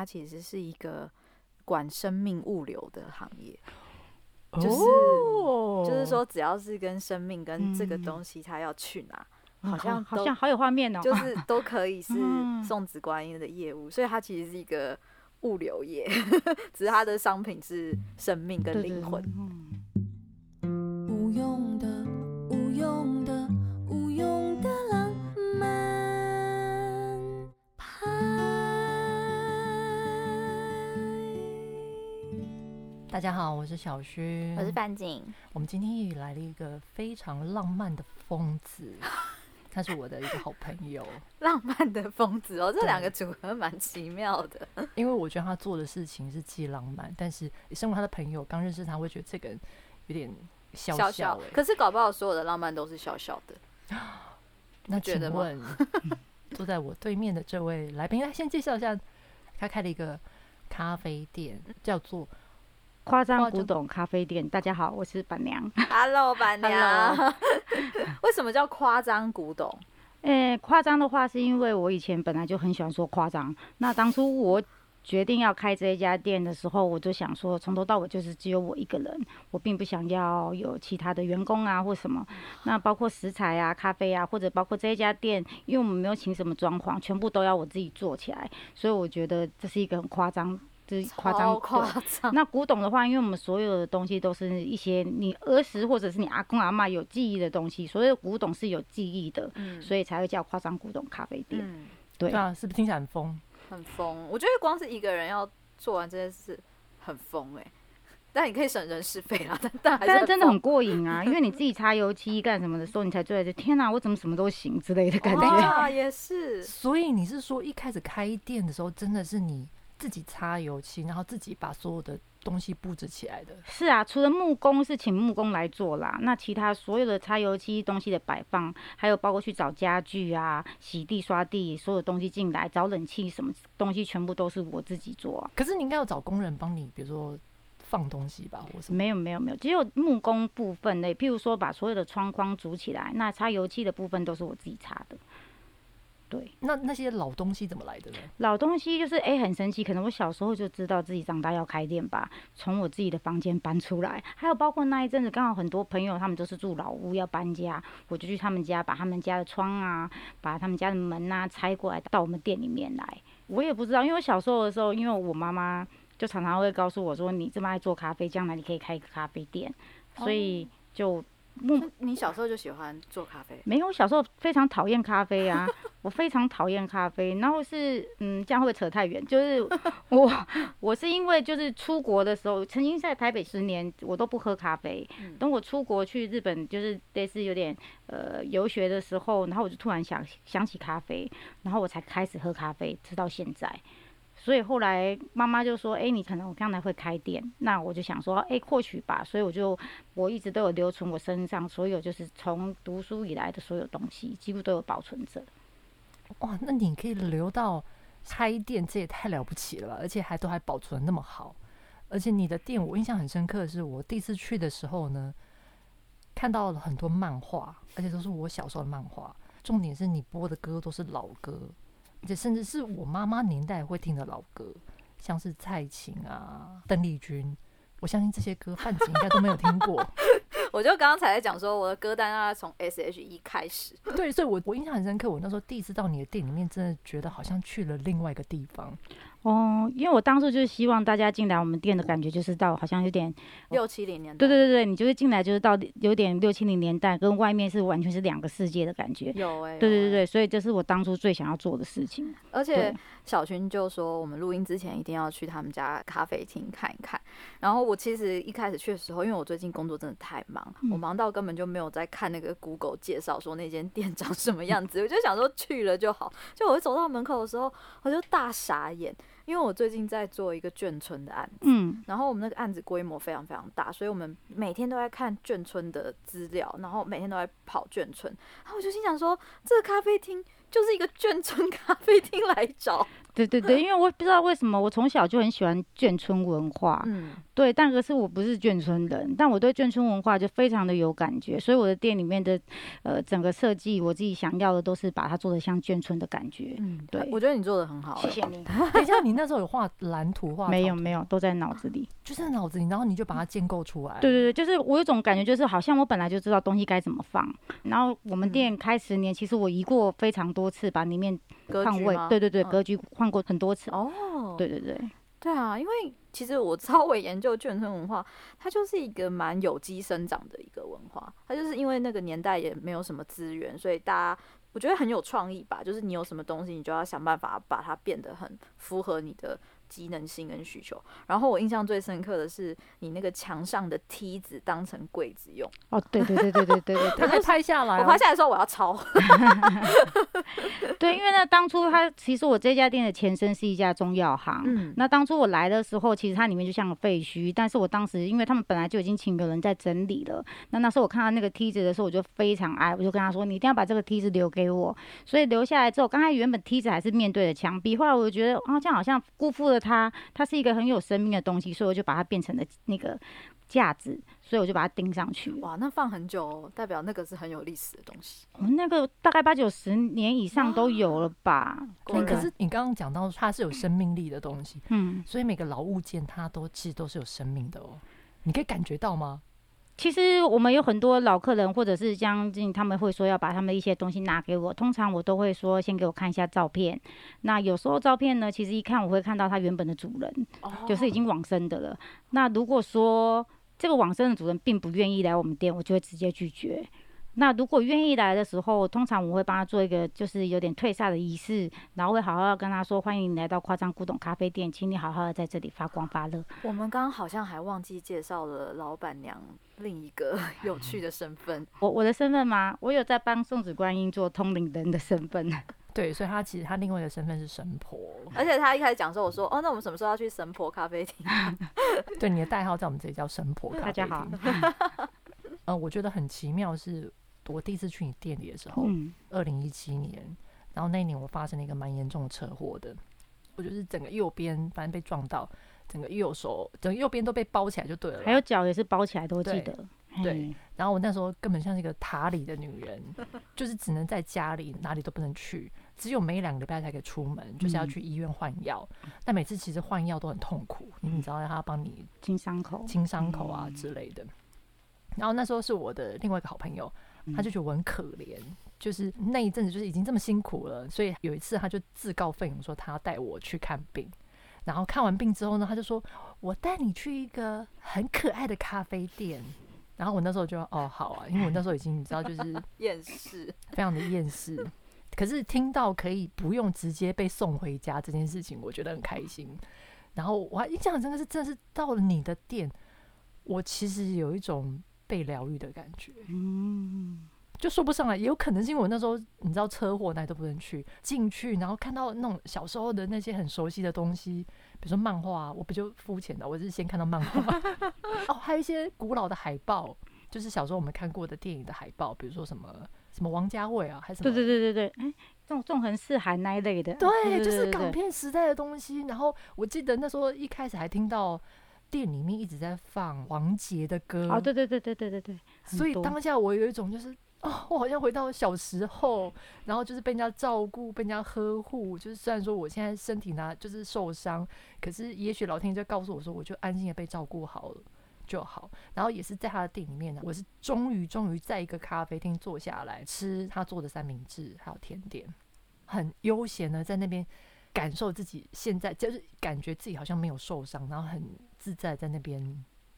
它其實是一個管生命物流的行業，就是就是說，只要是跟生命跟這個東西，它要去哪、嗯，好像都好像好有畫面哦，就是都可以是送子觀音的業務， 嗯、所以它其實是一個物流業，只是它的商品是生命跟靈魂。對對對。大家好，我是小薰。我是范靜。我們今天也來了一個非常浪漫的瘋子， 他是我的一個好朋友。浪漫的瘋子哦，這兩個組合蠻奇妙的。因為我覺得他做的事情是既浪漫，但是身為他的朋友，剛認識他會覺得這個人有點小小、欸、小小。可是搞不好所有的浪漫都是小小的， 那請問覺得 坐在我對面的這位來賓，來先介紹一下，他開了一個咖啡店，叫做。誇張古懂咖啡店，哦、大家好，我是闆娘。哈嘍，闆娘。 為什麼叫誇張古懂？誒、欸，誇張的話是因為我以前本來就很喜歡說誇張。那當初我決定要開這一家店的時候，我就想說，從頭到尾就是只有我一個人，我並不想要有其他的員工啊或什麼。那包括食材啊、咖啡啊，或者包括這一家店，因為我們沒有請什麼裝潢，全部都要我自己做起來，所以我覺得這是一個很誇張。是誇張誇張，那古董的話，因為我們所有的東西都是一些你兒時或者是你阿公阿嬤有記憶的東西，所以古董是有記憶的，所以才會叫誇張古懂咖啡店，嗯。對啊，是不是聽起來很瘋？很瘋，我覺得光是一個人要做完這件事很瘋哎、欸，但你可以省人事費啊，但但但真的很過癮啊，因為你自己擦油漆幹什麼的時候，你才做來就天哪、啊，我怎麼什麼都行之類的感覺。哦、啊，也是。所以你是說一開始開店的時候，真的是你？自己擦油漆，然後自己把所有的東西布置起來的。是啊，除了木工是請木工來做啦，那其他所有的擦油漆、東西的擺放，還有包括去找家具啊、洗地、刷地，所有東西進來、找冷氣什麼東西，全部都是我自己做啊。可是你應該要找工人幫你，比如說放東西吧，我是沒有沒有沒有，只有木工部分嘞。譬如說把所有的窗框組起來，那擦油漆的部分都是我自己擦的。對，那那些老東西怎麼來的呢？老東西就是誒、欸，很神奇，可能我小時候就知道自己長大要開店吧，從我自己的房間搬出來，還有包括那一陣子，剛好很多朋友他們都是住老屋要搬家，我就去他們家把他們家的窗啊，把他們家的門吶、啊，拆過來到我們店裡面來。我也不知道，因為我小時候的時候，因為我媽媽就常常會告訴我說，你這麼愛做咖啡，將來你可以開一個咖啡店，所以就。木，嗯、你小時候就喜歡做咖啡？沒有，我小時候非常討厭咖啡啊，我非常討厭咖啡。然後是，嗯，這樣會不會扯太遠？就是我， 我是因為就是出國的時候，曾經在台北十年，我都不喝咖啡。嗯、等我出國去日本，就是類似有點呃遊學的時候，然後我就突然想想起咖啡，然後我才開始喝咖啡，直到現在。所以後來媽媽就說：“欸，你可能我將來會開店。”那我就想說：“欸，或許吧。”所以我就我一直都有留存我身上所有，就是從讀書以來的所有東西，幾乎都有保存着。哇，那你可以留到開店，這也太了不起了吧？而且還都還保存那麼好。而且你的店，我印象很深刻的是，我第一次去的時候呢，看到了很多漫畫，而且都是我小時候的漫畫。重點是你播的歌都是老歌。甚至是我媽媽年代會聽的老歌，像是蔡琴啊、鄧麗君，我相信這些歌範子應該都沒有聽過。 我就剛剛才在講說我的歌單啊，從 SHE 開始。對，所以，我我印象很深刻，我那時候第一次到你的店裡面，真的覺得好像去了另外一個地方。哦，oh, 因為我當初就是希望大家進來我們店的感覺，就是到好像有點六七零年代。對對對，你就是進來就是到有點六七零年代，跟外面是完全是兩個世界的感覺。有哎、欸。對對對，欸、所以這是我當初最想要做的事情。而且小薰就說，我們錄音之前一定要去他們家咖啡廳看一看。然後我其實一開始去的時候，因為我最近工作真的太忙，嗯、我忙到根本就沒有在看那個 Google 介紹說那間店長什麼樣子。 我就想說去了就好。就我走到門口的時候，我就大傻眼。因為我最近在做一個眷村的案子，嗯，然後我們那個案子規模非常非常大，所以我們每天都在看眷村的資料，然後每天都在跑眷村，然後我就心想說，這個咖啡廳。就是一個眷村咖啡廳來找，對對對，因為我不知道為什麼我從小就很喜歡眷村文化，嗯，對，但可是我不是眷村人，但我對眷村文化就非常的有感覺，所以我的店裡面的呃整個設計，我自己想要的都是把它做的像眷村的感覺，嗯，對。我覺得你做的很好。欸，謝謝你。 等一下，你那時候有畫藍圖畫沒有？沒有，都在腦子裡。啊、就是在腦子裡，然後你就把它建構出來。對對對，就是我有種感覺，就是好像我本來就知道東西該怎麼放。然後我們店開十年，嗯、其實我移過非常多。多次把裡面格局對對對，嗯、格局換過很多次。哦，對對對，對啊，因為其實我稍微研究眷村文化，它就是一個蠻有機生長的一個文化。它就是因為那個年代也沒有什麼資源，所以大家我覺得很有創意吧。就是你有什麼東西，你就要想辦法把它變得很符合你的機能性跟需求。然後我印象最深刻的是你那個牆上的梯子當成櫃子用哦，對對對對對對對， 他就拍下來，哦，我拍下來說我要抄。對，因為呢，當初他其實我這家店的前身是一家中藥行。嗯。那當初我來的時候，其實它裡面就像個廢墟，但是我當時因為他們本來就已經請個人在整理了。那那時候我看到那個梯子的時候，我就非常愛，我就跟他說：“你一定要把這個梯子留給我。”所以留下來之後，剛才原本梯子還是面對着牆壁，後來我就覺得啊，這樣好像辜負了。它它是一個很有生命的東西，所以我就把它變成了那個架子，所以我就把它釘上去。哇，那放很久哦，代表那個是很有歷史的東西。我們、哦、那個大概八九十年以上都有了吧？對。可是你剛剛講到它是有生命力的東西，嗯，所以每個老物件它都其實都是有生命的哦，你可以感覺到嗎？其實我們有很多老客人，或者是將近，他們會說要把他們一些東西拿給我。通常我都會說先給我看一下照片。那有時候照片呢，其實一看我會看到他原本的主人，Oh. 就是已經往生的了。那如果說這個往生的主人並不願意來我們店，我就會直接拒絕。那如果願意來的時候，通常我會幫他做一個就是有點退下的儀式，然後會好好跟他說：“歡迎你來到誇張古懂咖啡店，請你好好的在這裡發光發熱。”我們剛剛好像還忘記介紹了老闆娘另一個有趣的身份，我我的身份嗎？我有在幫送子觀音做通靈人的身份，對，所以他其實他另外一個身份是神婆，嗯，而且他一開始講說，說：“我說哦，那我們什麼時候要去神婆咖啡廳？” 對，你的代號在我們這裡叫神婆咖啡廳。大家好，嗯，呃，我覺得很奇妙是。我第一次去你店裡的時候，嗯，二零一七年，然後那年我發生了一個蠻嚴重的車禍的，我就是整個右邊反正被撞到，整個右手，整個右邊都被包起來就對了，還有腳也是包起來都記得，對，嘿對。然後我那時候根本像是一個塔裡的女人，就是只能在家裡，哪裡都不能去，只有每兩個禮拜才可以出門，就是要去醫院換藥。嗯，但每次其實換藥都很痛苦，你知道他要幫你清傷口，清傷口啊之類的。然後那時候是我的另外一個好朋友。他就覺得我很可憐，就是那一陣子就是已經這麼辛苦了，所以有一次他就自告奮勇說他要帶我去看病，然後看完病之後呢，他就說，我帶你去一個很可愛的咖啡店，然後我那時候就哦好啊，因為我那時候已經你知道就是厭世，非常的厭世，可是聽到可以不用直接被送回家這件事情，我覺得很開心。然後我還印象真的是真的是到了你的店，我其實有一種。被療癒的感覺，嗯，就說不上來，也有可能是因為我那時候你知道車禍，哪裡都不能去，進去然後看到那種小時候的那些很熟悉的東西，比如說漫畫、啊，我比較膚淺的，我是先看到漫畫 哦，還有一些古老的海報，就是小時候我們看過的電影的海報，比如說什麼什麼王家衛啊，還什麼對對對對對，哎、嗯，縱橫四海那一類的，對，就是港片時代的東西。然後我記得那時候一開始還聽到。店裡面一直在放王傑的歌對對、啊、對對對對對，所以當下我有一種就是哦，我好像回到小時候，然後就是被人家照顧、被人家呵護。就是雖然說我現在身體呢就是受傷，可是也許老天就告訴我說，我就安心的被照顧好了就好。然後也是在他的店裡面呢，我是終於終於在一個咖啡廳坐下來吃他做的三明治還有甜點，很悠閒的在那邊感受自己現在就是感覺自己好像沒有受傷，然後很。自在在那邊，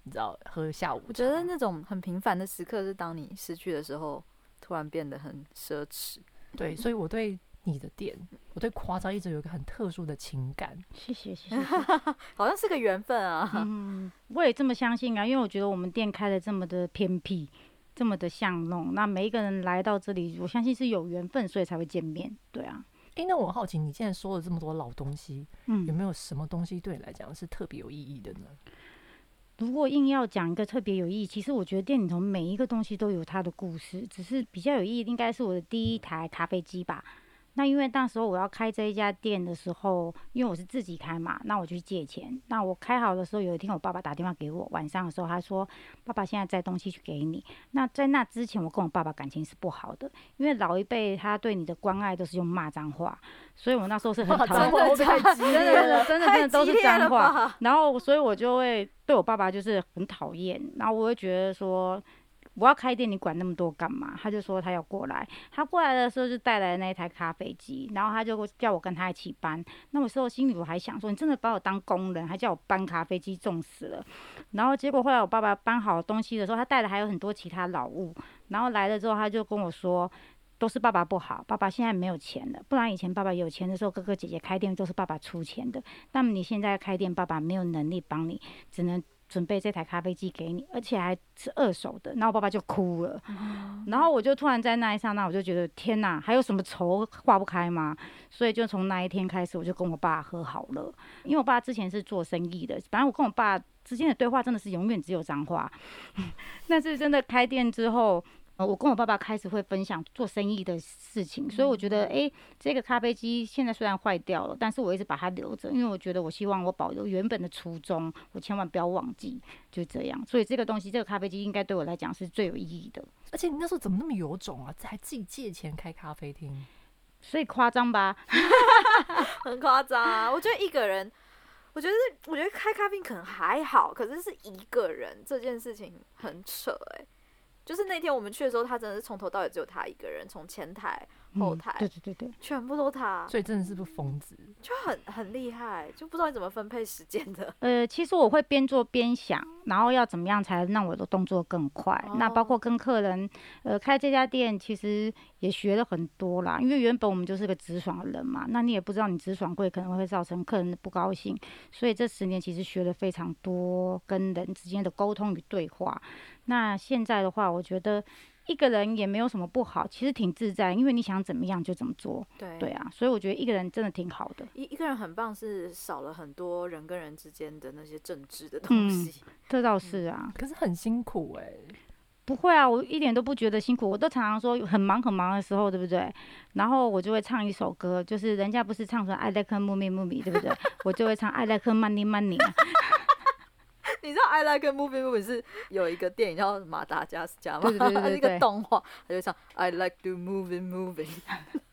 你知道喝下午茶。我覺得那種很平凡的時刻，是當你失去的時候，突然變得很奢侈。對，所以我對你的店，我對誇張一直有一個很特殊的情感。謝謝謝謝，謝謝謝謝 好像是個緣分啊。嗯，我也這麼相信啊，因為我覺得我們店開的這麼的偏僻，這麼的巷弄，那每一個人來到這裡，我相信是有緣分，所以才會見面，對啊。哎，那我好奇，你現在說了這麼多老東西，嗯，有沒有什麼東西對你來講是特別有意義的呢？如果硬要講一個特別有意義，其實我覺得店裡頭每一個東西都有它的故事，只是比較有意義，應該是我的第一台咖啡機吧。那因為當時我要開這一家店的時候，因為我是自己開嘛，那我就去借錢。那我開好的時候，有一天我爸爸打電話給我，晚上的時候他說：“爸爸現在帶東西去給你。”那在那之前，我跟我爸爸感情是不好的，因為老一輩他對你的關愛都是用罵髒話，所以我那時候是很討厭，真的 真的真的真的都是髒話。然後所以我就會對我爸爸就是很討厭，然後我會覺得說。我要開店，你管那麼多幹嘛？他就說他要過來，他過來的時候就帶來了那一台咖啡機，然後他就叫我跟他一起搬。那我時候心裡我還想說，你真的把我當工人，還叫我搬咖啡機，重死了。然後結果後來我爸爸搬好東西的時候，他帶的還有很多其他老物。然後來了之後，他就跟我說，都是爸爸不好，爸爸現在沒有錢了。不然以前爸爸有錢的時候，哥哥姐姐開店都是爸爸出錢的。那麼你現在開店，爸爸沒有能力幫你，只能。準備這台咖啡機給你，而且還是二手的。然後我爸爸就哭了，嗯哦、然後我就突然在那一剎那，我就覺得天哪，還有什麼仇化不開嗎？所以就從那一天開始，我就跟我爸和好了。因為我爸之前是做生意的，反正我跟我爸之間的對話真的是永遠只有髒話。但 是真的開店之後。我跟我爸爸開始會分享做生意的事情，所以我覺得，誒、欸，這個咖啡機現在雖然壞掉了，但是我一直把它留着，因為我覺得我希望我保留原本的初衷，我千萬不要忘記，就這樣。所以這個東西，這個咖啡機應該對我來講是最有意義的。而且你那時候怎麼那麼有種啊？還自己借錢開咖啡廳，所以誇張吧， 很誇張啊！我覺得一個人，我覺得我覺得開咖啡廳可能還好，可是是一個人這件事情很扯哎、欸。就是那天我們去的時候，他真的是從頭到尾只有他一個人，從前台，後台、嗯、對對對對，全部都他，所以真的是不是瘋子，就很很厲害，就不知道你怎麼分配時間的。呃，其實我會邊做邊想，然後要怎麼樣才讓我的動作更快。嗯、那包括跟客人，呃，開這家店其實也學了很多啦。因為原本我們就是個直爽的人嘛，那你也不知道你直爽會可能會造成客人的不高興。所以這十年其實學了非常多跟人之間的溝通與對話。那現在的話，我覺得。一個人也沒有什麼不好，其實挺自在，因為你想怎麼樣就怎麼做。對對啊，所以我覺得一個人真的挺好的。一一個人很棒，是少了很多人跟人之間的那些政治的東西。嗯、這倒是啊、嗯。可是很辛苦哎、欸。不會啊，我一點都不覺得辛苦。我都常常說很忙很忙的時候，對不對？然後我就會唱一首歌，就是人家不是唱成 I like to move it move it，對不對？ 我就會唱 I like money money。 你知道 I like moving moving 是有一個電影叫《馬達加斯加》嗎？對對對，對，一個動畫，他就唱 I like do moving moving。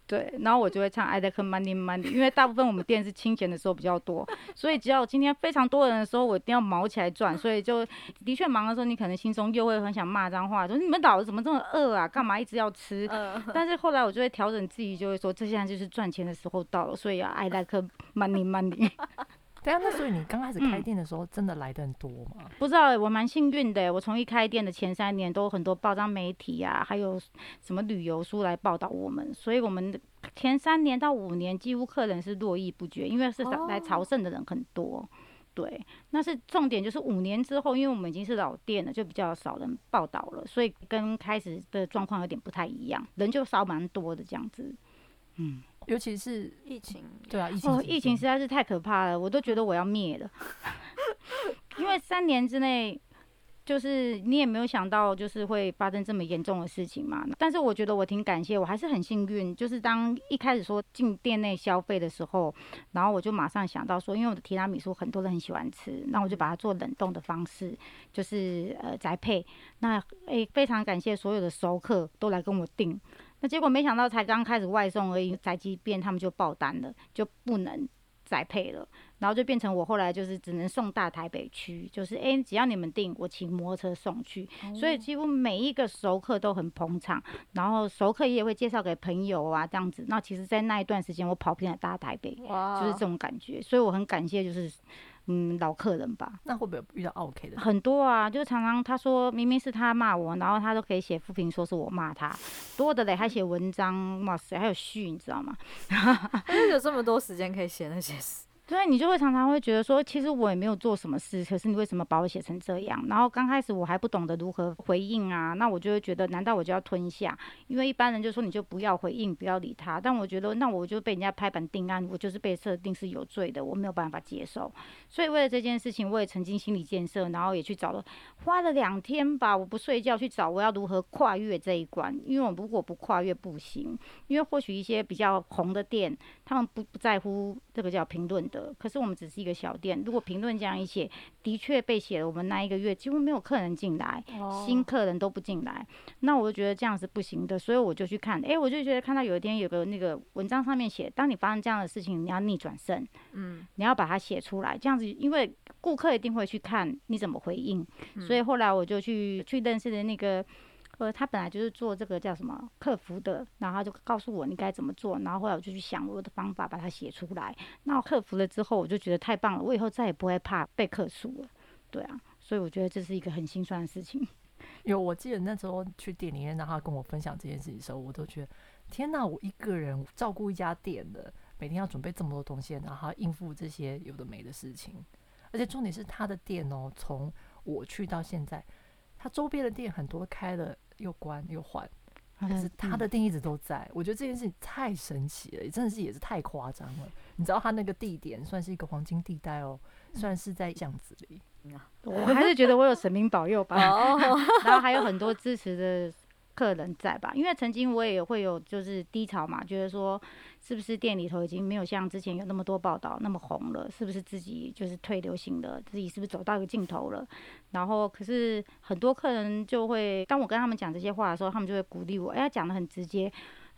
對，然後我就會唱 I like money money，因為大部分我們店是清閒的時候比較多， 所以只要今天非常多人的時候，我一定要卯起來賺。所以就的確忙的時候，你可能心中又會很想罵髒話，說、就是、你們老是怎麼這麼餓啊，幹嘛一直要吃？ 但是後來我就會調整自己，就會說，這現在就是賺錢的時候到了，所以要、啊、I like money money。 對啊，那所以你剛開始開店的時候，真的來的很多嗎？嗯、不知道、欸，我蠻幸運的、欸。我從一開店的前三年，都有很多報章媒體呀、啊，還有什麼旅遊書來報道我們。所以，我們前三年到五年，幾乎客人是絡繹不絕，因為是來朝聖的人很多。哦、對，那是重點。就是五年之後，因為我們已經是老店了，就比較少人報道了，所以跟開始的狀況有點不太一樣，人就少蠻多的這樣子。嗯，尤其是疫情，對啊，疫情、哦，疫情實在是太可怕了，我都覺得我要滅了。 因為三年之內，就是你也沒有想到，就是會發生這麼嚴重的事情嘛。但是我覺得我挺感謝，我還是很幸運，就是當一開始說進店內消費的時候，然後我就馬上想到說，因為我的提拉米蘇很多人很喜歡吃，那我就把它做冷凍的方式，就是呃宅配。那誒、欸，非常感謝所有的熟客都來跟我訂。那結果沒想到，才剛開始外送而已，宅急便，他們就爆單了，就不能再配了。然後就變成我後來就是只能送大台北去，就是哎、欸，只要你們訂，我騎摩托車送去。嗯、所以幾乎每一個熟客都很捧場，然後熟客也會介紹給朋友啊這樣子。那其實，在那一段時間，我跑遍了大台北，哇就是這種感覺。所以我很感謝，就是嗯老客人吧。那會不會有遇到奧客的？很多啊，就是常常他說明明是他罵我，然後他都可以寫負評說是我罵他，多的嘞，還寫文章，哇塞，還有續，你知道嗎？ 有這麼多時間可以寫那些事。所以你就會常常會覺得說，其實我也沒有做什麼事，可是你為什麼把我寫成這樣？然後剛開始我還不懂得如何回應啊，那我就會覺得，難道我就要吞下？因為一般人就說你就不要回應，不要理他。但我覺得那我就被人家拍板定案，我就是被設定是有罪的，我沒有辦法接受。所以為了這件事情，我也曾經心理建設，然後也去找了，花了兩天吧，我不睡覺去找我要如何跨越這一關，因為我如果不跨越不行，因為或許一些比較紅的店，他們不不在乎這個叫評論的。可是我們只是一個小店，如果評論這樣一寫，的確被寫了。我們那一個月幾乎沒有客人進來，新客人都不進來。那我就覺得這樣是不行的，所以我就去看。誒、欸，我就覺得看到有一天有個那個文章上面寫，當你發生這樣的事情，你要逆轉勝，嗯，你要把它寫出來，這樣子，因為顧客一定會去看你怎麼回應。所以後來我就去去認識的那個。呃，他本來就是做這個叫什麼客服的，然後就告訴我你該怎麼做，然後後來我就去想我的方法，把它寫出來。那我克服了之後，我就覺得太棒了，我以後再也不會怕被客訴了。對啊，所以我覺得這是一個很心酸的事情。有，我記得那時候去店裡面，然後跟我分享這件事情的時候，我都覺得天哪，我一個人照顧一家店的，每天要準備這麼多東西，然後要應付這些有的沒的事情，而且重點是他的店喔，從我去到現在，他周邊的店很多開了。又關又換，但是他的店一直都在。嗯嗯、我覺得這件事情太神奇了，真的是也是太誇張了。你知道他那個地點算是一個黃金地帶哦，算是在巷子裡、嗯。我還是覺得我有神明保佑吧， 然後還有很多支持的客人在吧。因為曾經我也會有就是低潮嘛，覺得說是不是店裡頭已經沒有像之前有那麼多報道那麼紅了，是不是自己就是退流行了，自己是不是走到一個盡頭了？然後可是很多客人就會，當我跟他們講這些話的時候，他們就會鼓勵我，哎、欸，講得很直接。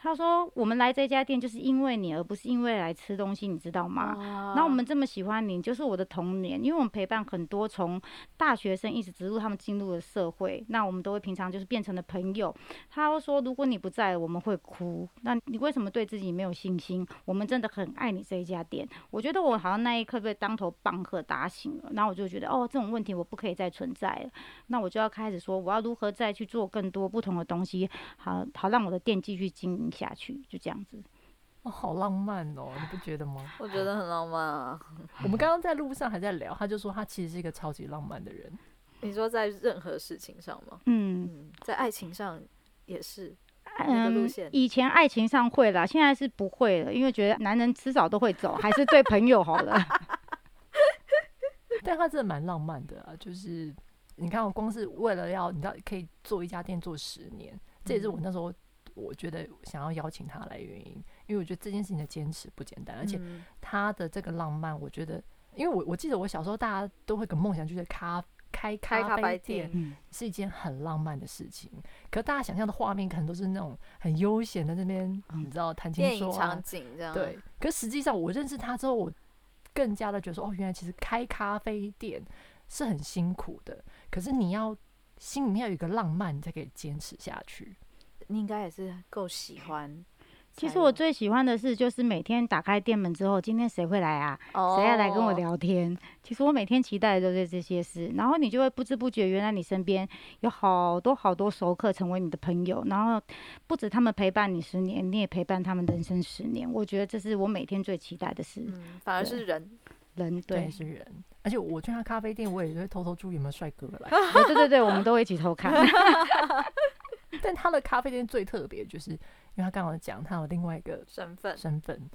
他說：“我們來這家店就是因為你，而不是因為來吃東西，你知道嗎？Oh. 那我們這麼喜歡你，就是我的童年，因為我們陪伴很多從大學生一直植入他們進入了社會，那我們都會平常就是變成了朋友。”他會說：“如果你不在，我們會哭。那你為什麼對自己沒有信心？我們真的很愛你這一家店。”我覺得我好像那一刻被當頭棒喝打醒了，然後我就覺得哦，這種問題我不可以再存在了。那我就要開始說，我要如何再去做更多不同的東西，好好讓我的店繼續經營。下去就這樣子，哦，好浪漫哦！你不覺得嗎？ 我覺得很浪漫啊。我們剛剛在路上還在聊，他就說他其實是一個超級浪漫的人。 你說在任何事情上嗎？嗯、嗯，在愛情上也是那、嗯、個路線。以前愛情上會啦，現在是不會了，因為覺得男人遲早都會走， 還是對朋友好了。 但他真的蠻浪漫的、啊，就是你看，我光是為了要你知道，可以做一家店做十年，嗯、這也是我那時候。我覺得想要邀請他來原因，因為我覺得這件事情的堅持不簡單，而且他的這個浪漫，我覺得，嗯、因為我我記得我小時候大家都會有個夢想就是咖開咖啡店，是一件很浪漫的事情。可是大家想象的畫面可能都是那種很悠閒的那邊，嗯、你知道談情說、啊、電影場景這樣。對，可實際上我認識他之後，我更加的覺得說，哦，原來其實開咖啡店是很辛苦的。可是你要心裡面要有一個浪漫，你才可以堅持下去。你應該也是夠喜歡。其實我最喜歡的事就是每天打開店門之後，今天誰會來啊？誰要來跟我聊天？其實我每天期待的都是這些事，然後你就會不知不覺，原來你身邊有好多好多熟客成為你的朋友，然後不止他們陪伴你十年，你也陪伴他們人生十年。我覺得這是我每天最期待的事，嗯、人 反而是人，人對，對是人，而且我去他咖啡店，我也會偷偷注意有沒有帥哥來。 對對對，對，我們都會一起偷看。 但他的咖啡店最特別，就是因為他剛好講，他有另外一個身份。身份，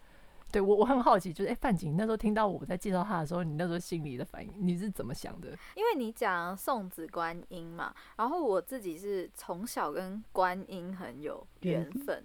對我我很好奇，就是哎、欸、范景，那時候聽到我在介紹他的時候，你那時候心裡的反應，你是怎麼想的？因為你講送子觀音嘛，然後我自己是從小跟觀音很有緣分，原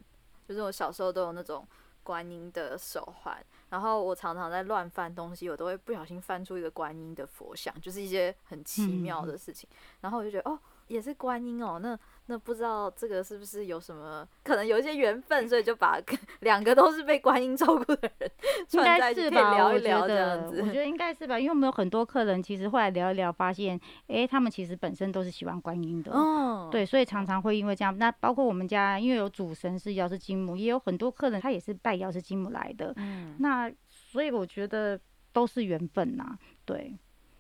就是我小時候都有那種觀音的手環，然後我常常在亂翻東西，我都會不小心翻出一個觀音的佛像，就是一些很奇妙的事情，嗯、然後我就覺得哦，也是觀音哦，那。那不知道這個是不是有什麼可能有一些緣分，所以就把兩個都是被觀音照顧的人 串在一起應該是吧，可以聊一聊這樣子。我覺，我覺得應該是吧，因為我們有很多客人，其實後來聊一聊發現，誒、欸，他們其實本身都是喜歡觀音的，哦、對，所以常常會因為這樣。那包括我們家，因為有主神是藥師金母，也有很多客人他也是拜藥師金母來的。嗯，那所以我覺得都是緣分吶、啊。對，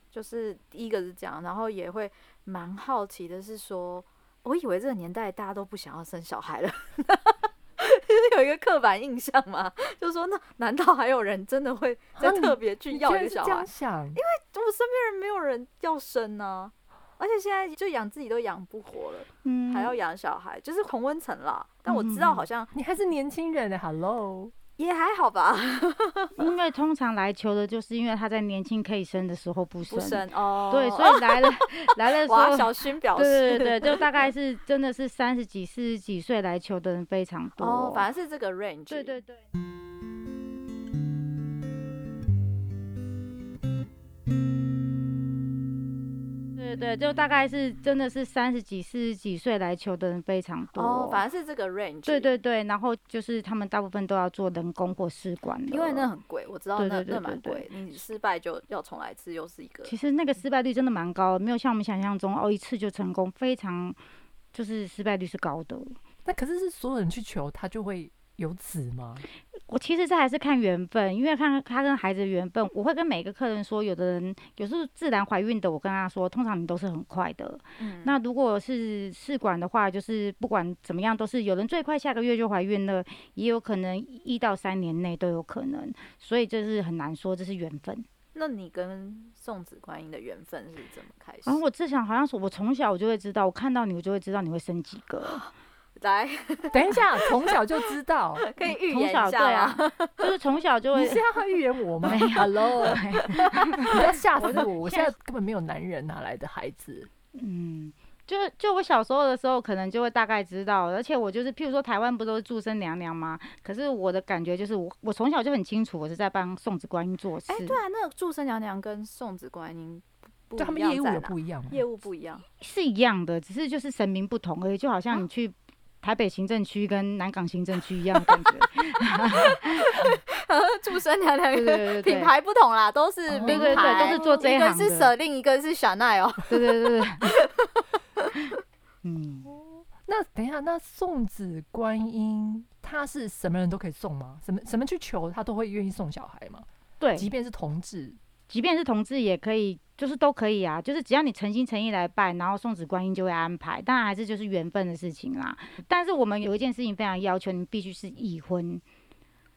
就是第一個是這樣，然後也會蠻好奇的是說。我以為這個年代大家都不想要生小孩了， 就是有一個刻板印象嘛，就是說那難道還有人真的會再特別去要一個小孩？因為我身邊人沒有人要生呢、啊，而且現在就養自己都養不活了，嗯，還要養小孩，就是同溫層啦，但我知道好像你還是年輕人的，Hello。也、yeah, 還好吧， 因為通常來球的，就是因為他在年輕可以生的時候不生，不生哦，對，所以來了、哦、來了說，小薰表示，對對,對就大概是真的是三十幾、四十幾歲來球的人非常多、哦，反而、哦、是這個 range，對對對。對對，就大概是真的是三十幾、四十幾歲來求的人非常多哦，哦，反正是這個 range。對對對，然後就是他們大部分都要做人工或試管，因為那很貴，我知道那那蠻貴，你失敗就要重來一次，又是一個。其實那個失敗率真的蠻高的，沒有像我們想象中哦，一次就成功，非常就是失敗率是高的。但可是是所有人去求，他就會。有子嗎？我其實這還是看緣分，因為看他跟孩子的緣分。我會跟每個客人說，有的人有時候自然懷孕的，我跟他說，通常你都是很快的。嗯、那如果是試管的話，就是不管怎麼樣，都是有人最快下個月就懷孕了，也有可能一到三年內都有可能，所以這是很難說，這是緣分。那你跟送子觀音的緣分是怎麼開始？然後、啊、我之前好像是我從小我就會知道，我看到你我就會知道你會生幾個。 來，等一下，從小就知道可以預言一下，對啊，就是從小就會。你是要預言我嗎？Hello，你要嚇死我！我現在根本沒有男人哪來的孩子。嗯，就是就我小時候的時候，可能就會大概知道，而且我就是譬如說台灣不都是註生娘娘嗎？可是我的感覺就是，我我從小就很清楚，我是在幫送子觀音做事。哎，對啊，那註生娘娘跟送子觀音，他們業務也不一樣，業務不一樣，是一樣的，只是就是神明不同而已。就好像你去。台北行政區跟南港行政區一樣的感覺人個，啊，註生娘娘，對對,對,對品牌不同啦，都是對對，都是做這行的、哦，一個是舍令，一個是小奈哦， 對對對對， 嗯，那等一下，那送子觀音他是什麼人都可以送嗎？什麼什麼去求他都會願意送小孩嗎？對，即便是同志。即便是同志也可以，就是都可以啊，就是只要你誠心誠意來拜，然後送子觀音就會安排。當然還是就是緣分的事情啦。但是我們有一件事情非常要求，你必須是已婚。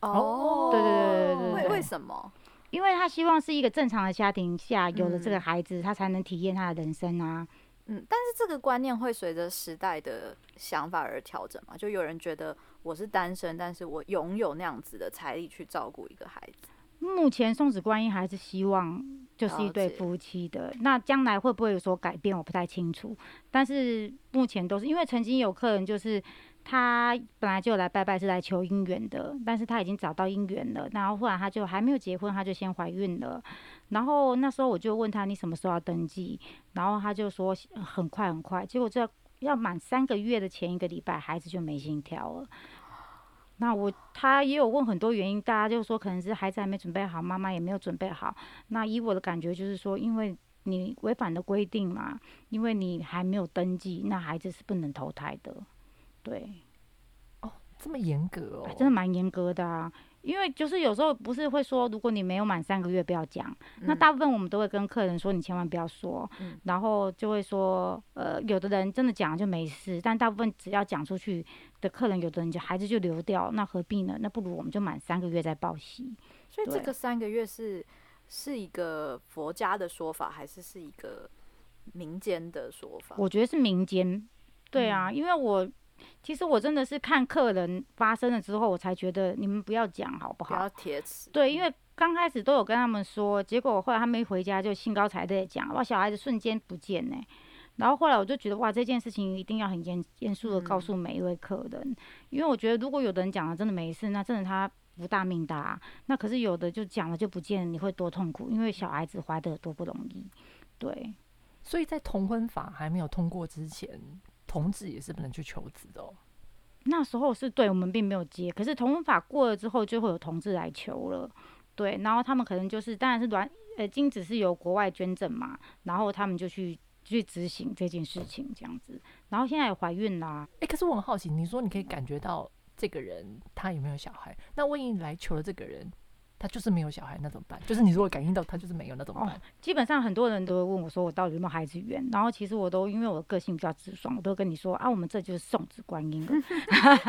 哦，oh, 對對對對對。為為什麼？因為他希望是一個正常的家庭下有了這個孩子，他才能體驗他的人生啊。嗯，但是這個觀念會隨着時代的想法而調整嘛？就有人覺得我是單身，但是我擁有那樣子的財力去照顧一個孩子。目前送子觀音還是希望就是一對夫妻的，了解。那將來會不會有所改變，我不太清楚。但是目前都是，因為曾經有客人就是他本來就來拜拜是來求姻緣的，但是他已經找到姻緣了，然後忽然他就還沒有結婚，他就先懷孕了。然後那時候我就問他，你什麼時候要登記，然後他就說很快很快，結果這要滿三個月的前一個禮拜，孩子就沒心跳了。那我他也有問很多原因，大家就說可能是孩子還沒準備好，媽媽也沒有準備好。那以我的感覺就是說，因為你違反了規定嘛，因為你還沒有登記，那孩子是不能投胎的。對。哦，這麼嚴格哦。哎，真的蠻嚴格的啊。因為就是有時候不是會說，如果你沒有滿三個月，不要講。嗯、那大部分我們都會跟客人說，你千萬不要說。嗯、然後就會說，呃，有的人真的講就沒事，但大部分只要講出去的客人，有的人就孩子就流掉了，那何必呢？那不如我們就滿三個月再報喜。所以這個三個月是對是一個佛家的說法，還是是一個民間的說法？我覺得是民間。對啊，嗯、因為我。其實我真的是看客人發生了之後，我才覺得你們不要講好不好？不對，因為剛開始都有跟他們說，結果後來他們一回家就興高采烈講，哇，小孩子瞬間不見呢、欸。然後後來我就覺得，哇，這件事情一定要很嚴嚴肅的告訴每一位客人，嗯、因為我覺得如果有的人講了真的沒事，那真的他福大命大、啊。那可是有的就講了就不見了，你會多痛苦？因為小孩子懷得有多不容易，對。所以在同婚法還沒有通過之前。同志也是不能去求子的哦。那時候是對，我們並沒有接。可是同婚法過了之後，就會有同志來求了。對，然後他們可能就是，當然是卵呃精子是由國外捐贈嘛，然後他們就去去執行這件事情這樣子。然後現在也懷孕啦、啊，誒、欸，可是我很好奇，你說你可以感覺到這個人他有沒有小孩？那萬一來求了這個人？他就是沒有小孩，那怎麼辦？就是你如果感應到他就是沒有，那怎麼辦？哦，基本上很多人都會問我說：“我到底有沒有孩子緣？”然後其實我都因為我的個性比較直爽，我都跟你說：“啊，我們這就是送子觀音了。”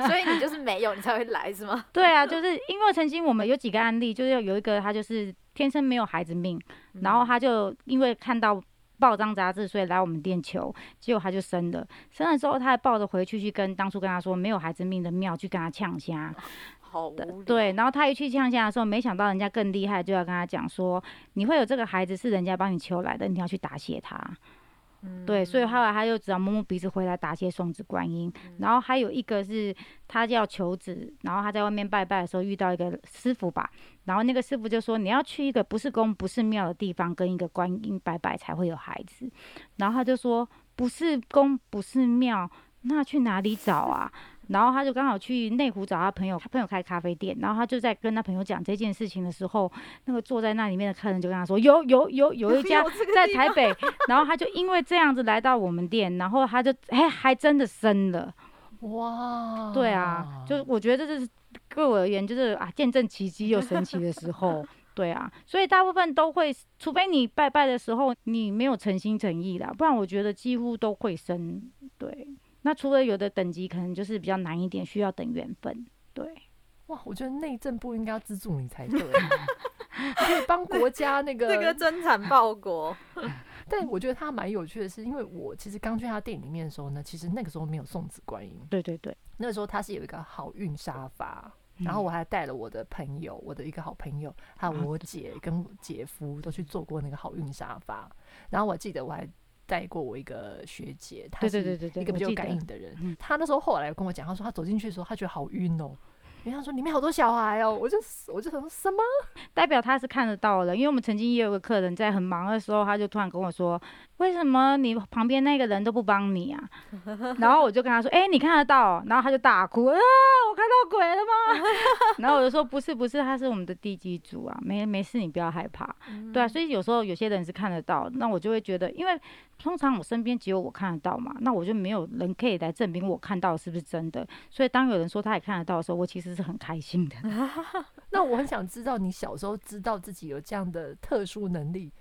所以你就是沒有，你才會來是嗎？對啊，就是因為曾經我們有幾個案例，就是要有一個他就是天生沒有孩子命，然後他就因為看到報章雜誌，所以來我們店求，結果他就生了。生了之後，他還抱着回去去跟當初跟他說沒有孩子命的廟去跟他嗆蝦。對，然後他一去鄉下的時候，沒想到人家更厲害，就要跟他講說，你會有這個孩子是人家幫你求來的，你要去答謝他。嗯、對，所以後來他就只要摸摸鼻子回來答謝送子觀音。嗯、然後還有一個是他要求子，然後他在外面拜拜的時候遇到一個師傅吧，然後那個師傅就說你要去一個不是宮不是廟的地方跟一個觀音拜拜才會有孩子。然後他就說不是宮不是廟，那去哪裡找啊？ 然後他就剛好去內湖找他朋友，他朋友開咖啡店，然後他就在跟他朋友講這件事情的時候，那個坐在那裡面的客人就跟他說，有有有有一家在台北， 然後他就因為這樣子來到我們店，然後他就哎還真的生了，哇，對啊，就是我覺得這是對我而言就是啊見證奇蹟又神奇的時候， 對啊，所以大部分都會，除非你拜拜的時候你沒有誠心誠意啦，不然我覺得幾乎都會生，對。那除了有的等級可能就是比較難一點，需要等緣分。對，哇，我覺得內政部應該要資助你才對， 可以幫國家那個 那個增、那個、產報國。 但我覺得他蠻有趣的是，因為我其實剛去他店裡面的時候呢，其實那個時候沒有送子觀音。對對對，那個時候他是有一個好運沙发，嗯、然後我還帶了我的朋友，我的一個好朋友還有、啊、我姐跟我姐夫都去坐過那個好運沙发。對對對，然後我還記得我還。帶過我一個學姐，她是一個比較感應的人。對對對對對，她那時候後來跟我講，她說她走進去的時候，她覺得好暈哦、喔。別人說裡面好多小孩哦，我就我就想說什麼？代表他是看得到的，因為我們曾經也有個客人在很忙的時候，他就突然跟我說：“為什麼你旁邊那個人都不幫你啊？” 然後我就跟他說：“哎、欸，你看得到。”然後他就大哭：“啊，我看到鬼了嗎？” 然後我就說：“不是，不是，他是我們的地基主啊，沒沒事，你不要害怕。” 對啊，所以有時候有些人是看得到，那我就會覺得，因為通常我身邊只有我看得到嘛，那我就沒有人可以來證明我看到的是不是真的。所以當有人說他也看得到的時候，我其實。是很開心的。 那我很想知道，你小時候知道自己有這樣的特殊能力，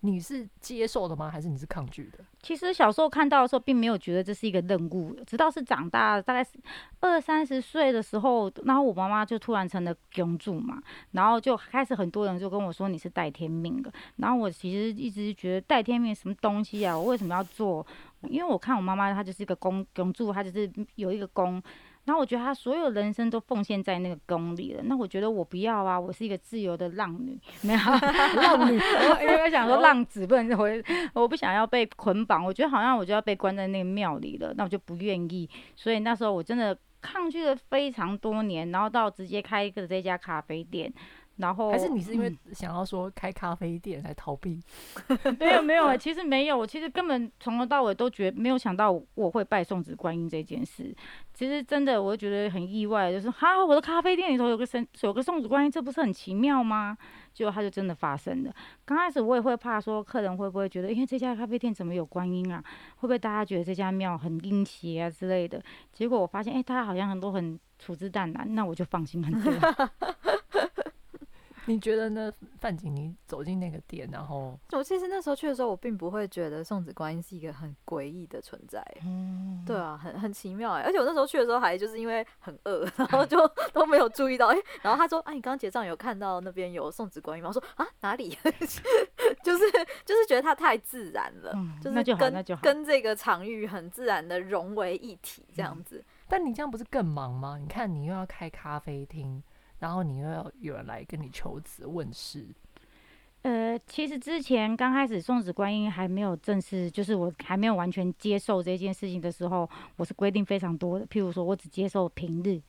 你是接受的嗎？還是你是抗拒的？其實小時候看到的時候，並沒有覺得這是一個任務，直到是長大，大概是二三十歲的時候，然後我媽媽就突然成了宮主嘛，然後就開始很多人就跟我說，你是帶天命的。然後我其實一直覺得，帶天命什麼東西啊？我為什麼要做？因為我看我媽媽，她就是一個宮，宮主，她就是有一個宮。然後我覺得他所有人生都奉獻在那個宮裡了。那我覺得我不要啊！我是一個自由的浪女，沒有 浪女，我因為我想說浪子不能回，我不想要被捆綁。我覺得好像我就要被關在那個廟裡了，那我就不願意。所以那時候我真的抗拒了非常多年，然後到直接開一個這家咖啡店。然後還是你是因為想要說開咖啡店來逃避？ 沒有沒有哎，其實沒有，我其實根本從頭到尾都覺得沒有想到我會拜送子觀音這件事。其實真的，我就覺得很意外，就是哈，我的咖啡店裡頭有個神，有個送子觀音，這不是很奇妙嗎？結果它就真的發生了。剛開始我也會怕說，客人會不會覺得，因為這家咖啡店怎麼有觀音啊？會不會大家覺得這家廟很陰邪啊之類的？結果我發現，哎、欸，大家好像很多很處之淡然，那我就放心很多。 你覺得呢？范景，你走進那個店，然後我其實那時候去的時候，我並不會覺得送子觀音是一個很詭異的存在。嗯，對啊，很很奇妙哎！而且我那時候去的時候，還就是因為很餓，然後就都沒有注意到。哎唉、欸，然後他說：“哎、 啊，你剛剛結賬有看到那邊有送子觀音嗎？”我說：“啊，哪裡？” 就是就是覺得它太自然了，嗯、就是跟那就好、那就好跟這個場域很自然的融為一體這樣子。嗯、但你這樣不是更忙嗎？你看，你又要開咖啡廳。然後你又要有人來跟你求子問事，呃，其實之前剛開始送子觀音還沒有正式，就是我還沒有完全接受這件事情的時候，我是規定非常多的，譬如說我只接受平日，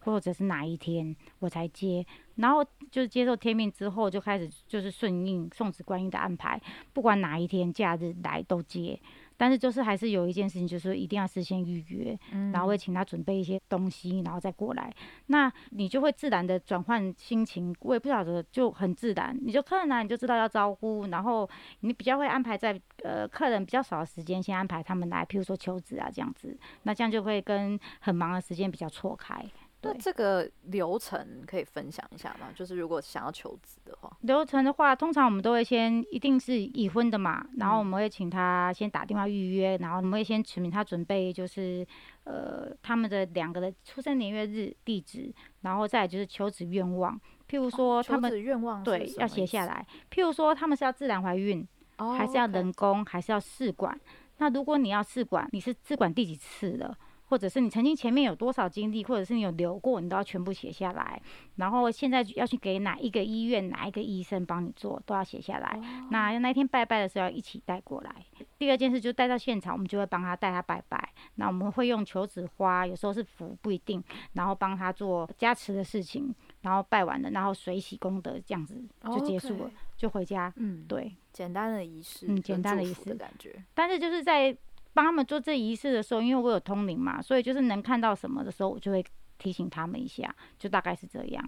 或者是哪一天我才接，然後就是接受天命之後，就開始就是順應送子觀音的安排，不管哪一天假日來都接，但是就是還是有一件事情，就是說一定要事先預約，嗯、然後會請他準備一些東西，然後再過來。那你就會自然的轉換心情，我也不曉得就很自然。你就客人來、啊、你就知道要招呼，然後你比較會安排在呃客人比較少的時間先安排他們來，譬如說求子啊這樣子，那這樣就會跟很忙的時間比較錯開。那這個流程可以分享一下嗎？就是如果想要求子的話，流程的話，通常我們都會先一定是已婚的嘛，然後我們會請他先打電話預約，嗯、然後我們會先指明他準備就是呃他們的兩個的出生年月日、地址，然後再就是求子願望，譬如說他們、哦、對要寫下來，譬如說他們是要自然懷孕，哦、還是要人工，哦 okay、還是要試管？那如果你要試管，你是試管第幾次了？或者是你曾經前面有多少經歷，或者是你有流過，你都要全部寫下來。然後現在要去給哪一個醫院、哪一個醫生幫你做，都要寫下來。Wow. 那那天拜拜的時候要一起帶過來。第二件事就是帶到現場，我們就會幫他帶他拜拜。那我們會用求子花，有時候是符不一定，然後幫他做加持的事情。然後拜完了，然後隨喜功德這樣子就結束了，oh, okay. 就回家。嗯，對，簡單的儀式，簡單的儀式的感覺。但是就是在。幫他們做這儀式的時候，因為我有通靈嘛，所以就是能看到什麼的時候，我就會提醒他們一下，就大概是這樣。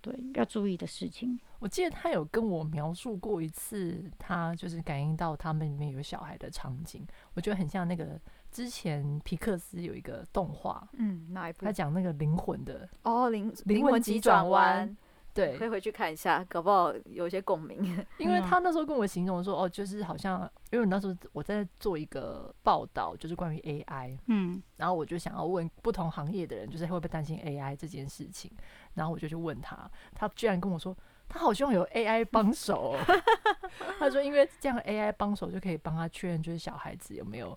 對，要注意的事情。我記得他有跟我描述過一次，他就是感應到他們裡面有小孩的場景，我覺得很像那個之前皮克斯有一個動畫，嗯，哪一部？他講那個靈魂的哦，靈靈魂急轉彎。對，可以回去看一下，搞不好有一些共鳴。因為他那時候跟我形容說，哦，就是好像，因為我那時候我在做一個報道，就是關於 AI，嗯，然後我就想要問不同行業的人，就是會不會擔心 AI 這件事情，然後我就去問他，他居然跟我說，他好希望有 AI 幫手， 他說因為這樣 AI 幫手就可以幫他確認就是小孩子有沒有。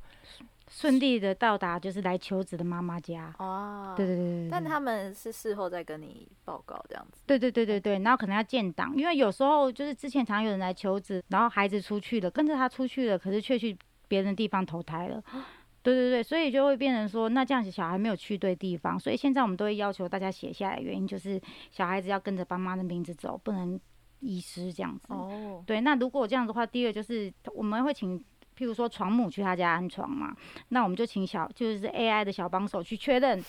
順利的到達就是來求子的媽媽家哦，啊、對對對,對,對,對但他們是事後再跟你報告這樣子，對對對對對，Okay. 然後可能要建檔，因為有時候就是之前常有人來求子，然後孩子出去了，跟着他出去了，可是卻去別人的地方投胎了，哦、對對對，所以就會變成說那這樣子小孩沒有去對地方，所以現在我們都會要求大家寫下來，原因就是小孩子要跟着爸媽的名字走，不能遺失這樣子哦，對，那如果這樣子的話，第二就是我們會請。譬如說，床母去他家安床嘛，那我們就請小，就是 AI 的小幫手去確認。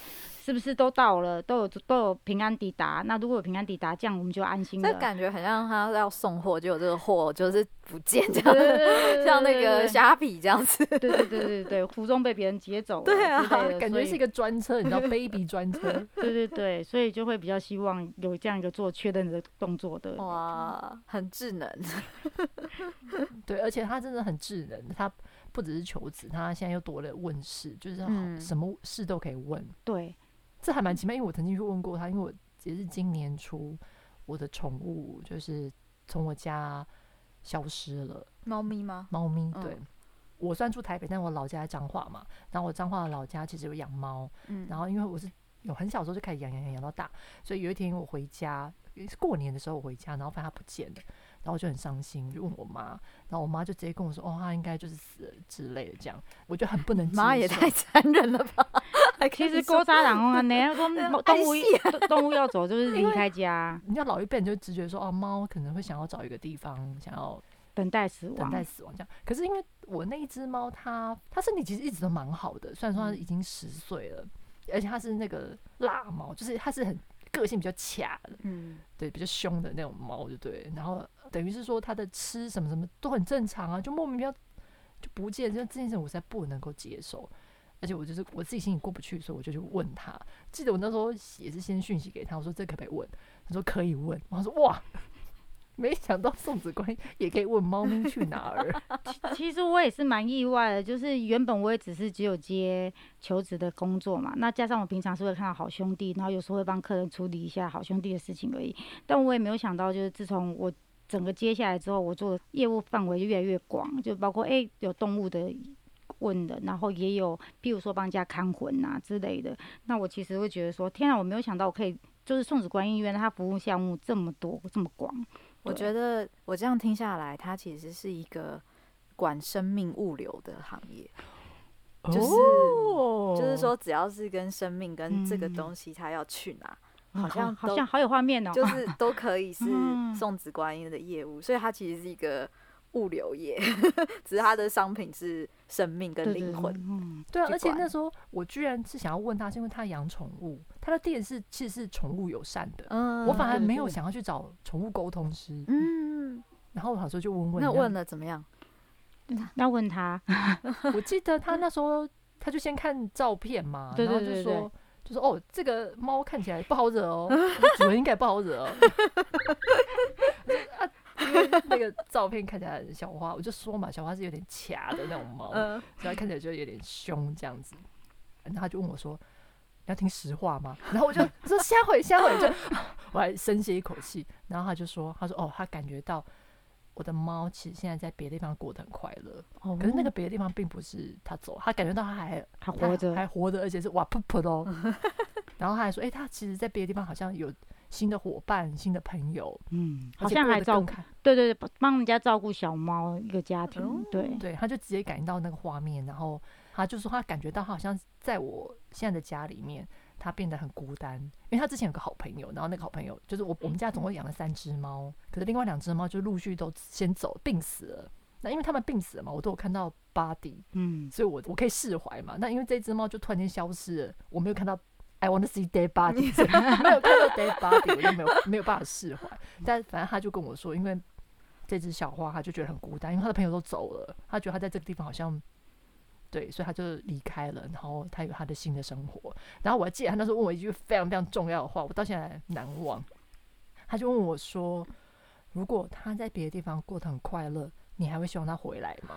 是不是都到了，都有都有平安抵達？那如果有平安抵達，這樣我們就安心了。這感覺好像他要送貨，就有這個貨就是不見這樣子， 像那個蝦皮這樣子。對對對對對，途中被別人劫走。對啊，以感覺是一個專車， 你知道 ，Baby 專車。對對對，所以就會比較希望有這樣一個做確認的動作的。哇，很智能。 對，而且他真的很智能，他不只是求子，他現在又多了問事，就是、嗯、什麼事都可以問。對。這還蠻奇怪，因為我曾經去問過他，因為我也是今年初，我的寵物就是從我家消失了。貓咪嗎？貓咪，對，嗯、我雖然住台北，但我老家在彰化嘛，然後我彰化的老家其實有養貓，嗯，然後因為我是有很小的時候就開始養，養，養到大，所以有一天我回家，因為是過年的時候我回家，然後發現它不見了，然後我就很傷心，就問我媽，然後我媽就直接跟我說，哦，它應該就是死了之類的，這樣。我就很不能，媽也太殘忍了吧！ 其實，狗、渣狼啊，你要說動物，動物要走 就是離開家。你要老一輩人就直覺說，哦、啊，貓可能會想要找一個地方，想要等待死亡，等待死亡這樣。可是因為我那一只貓，它它身體其實一直都蠻好的，雖然說它已經十歲了，嗯、而且它是那個辣貓，就是它是很個性比較恰的，嗯，對，比較凶的那種貓，就對。然後等於是說它的吃什麼什麼都很正常啊，就莫名其妙就不見，就這件事我實在不能夠接受。而且我就是我自己心裡過不去，所以我就去問他。記得我那時候也是先訊息給他，我說這可不可以問？他說可以問。我說哇，沒想到送子觀音也可以問貓咪去哪兒。 其實我也是蠻意外的，就是原本我也只是只有接求子的工作嘛。那加上我平常是會看到好兄弟，然後有時候會幫客人處理一下好兄弟的事情而已。但我也沒有想到，就是自從我整個接下來之後，我做的業務範圍就越來越廣，就包括誒、欸、有動物的。問的，然後也有，譬如說幫人家看魂啊之類的。那我其實會覺得說，天啊，我沒有想到我可以，就是送子觀音，原來他服務項目這麼多這麼廣。我覺得我這樣聽下來，它其實是一個管生命物流的行業，就是、哦、就是說只要是跟生命跟這個東西，它要去哪，嗯、好像都好像好有畫面哦，就是都可以是送子觀音的業務，啊嗯、所以它其實是一個物流業， 只是它的商品是。生命跟靈魂，對啊，而且那時候我居然是想要問他，是因為他養寵物，他的店是其實是寵物友善的，嗯，我反而沒有想要去找寵物溝通師，嗯，然後我那時就問問，那問了怎麼樣？那問他，我記得他那時候他就先看照片嘛，然後就說，就說哦，這個貓看起來不好惹哦，主人應該不好惹。 那個照片看起來小花，我就說嘛，小花是有點恰的那種貓，小花、嗯、所以看起來就有點凶這樣子。 然後他就問我說：“你要聽實話嗎？”然後我就說嚇唯嚇唯就：“下回下回。”就我還深吸一口氣。然後他就說：“他說哦，他感覺到我的貓其實現在在別的地方過得很快樂。哦，可是那個別的地方並不是他走，他感覺到他還他活他還，還活着，還活着，而且是哇噗噗的哦。 然後他還說：哎、欸，他其實，在別的地方好像有。”新的夥伴，新的朋友，嗯，好像還照看，對對對，幫人家照顧小貓一個家庭，對、哦、對，他就直接感應到那個畫面，然後他就說他感覺到他好像在我現在的家裡面，他變得很孤單，因為他之前有個好朋友，然後那個好朋友就是我，我們家總共養了三隻貓，嗯，可是另外兩隻貓就陸續都先走病死了，那因為他們病死了嘛，我都有看到巴迪，嗯，所以我我可以釋懷嘛，那因為這隻貓就突然間消失了，我沒有看到。I want to see dead body， 沒有看到 dead body， 我就沒有沒有辦法釋懷。但反正他就跟我說，因為這只小花，他就覺得很孤單，因為他的朋友都走了，他覺得他在這個地方好像對，所以他就離開了。然後他有他的新的生活。然後我還記得他那時候問我一句非常非常重要的話，我到現在難忘。他就問我說：“如果他在別的地方過得很快樂，你還會希望他回來嗎？”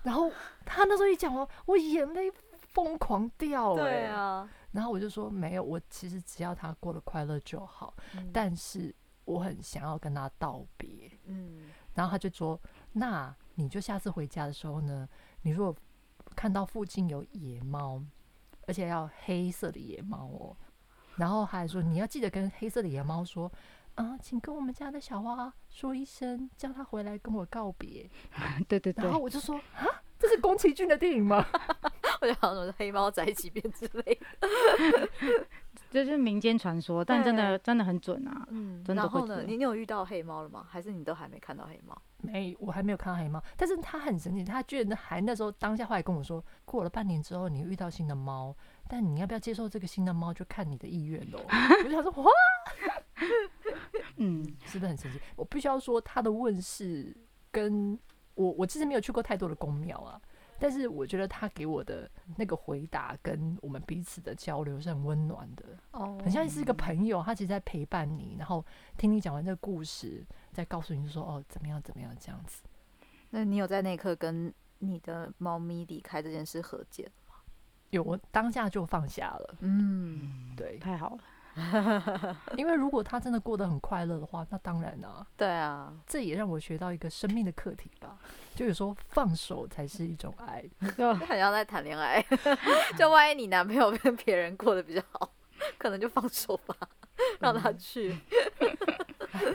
然後他那時候一講了，我眼淚。瘋狂掉，對啊，然後我就說沒有，我其實只要他過得快樂就好，但是我很想要跟他道別，嗯，然後他就說，那你就下次回家的時候呢，你如果看到附近有野貓，而且要黑色的野貓哦，然後還說你要記得跟黑色的野貓說，啊，請跟我們家的小花說一聲，叫他回來跟我告別，對對對，然後我就說啊。這是宮崎駿的電影嗎？ 我就好像說是《黑貓宅急便》之類。這 是民間傳說，但真的真的很準啊！嗯，然後呢你，你有遇到黑貓了嗎？還是你都還沒看到黑貓？沒，我還沒有看到黑貓。但是他很神奇，他居然還那時候當下話也跟我說，過了半年之後你遇到新的貓，但你要不要接受這個新的貓就看你的意願嘍。 我就想說，哇！ 嗯，是不是很神奇？我必須要說，它的問世跟。我我其實沒有去過太多的宮廟啊，但是我覺得他給我的那個回答跟我們彼此的交流是很溫暖的哦，oh, 很像是一個朋友，他其實在陪伴你，然後聽你講完這個故事，再告訴你說哦怎麼樣怎麼樣這樣子。那你有在那一刻跟你的貓咪離開這件事和解嗎？有，當下就放下了。嗯，對，太好了。 因為如果他真的過得很快樂的話，那當然呢、啊、對啊，這也讓我學到一個生命的課題吧。就有時候放手才是一種愛， 就很像在談戀愛。 就萬一你男朋友跟別人過得比較好，可能就放手吧，讓他去。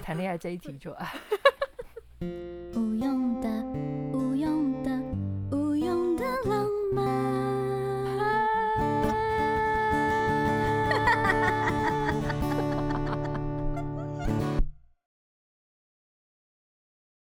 談戀 愛這一題就愛、啊。 不用的。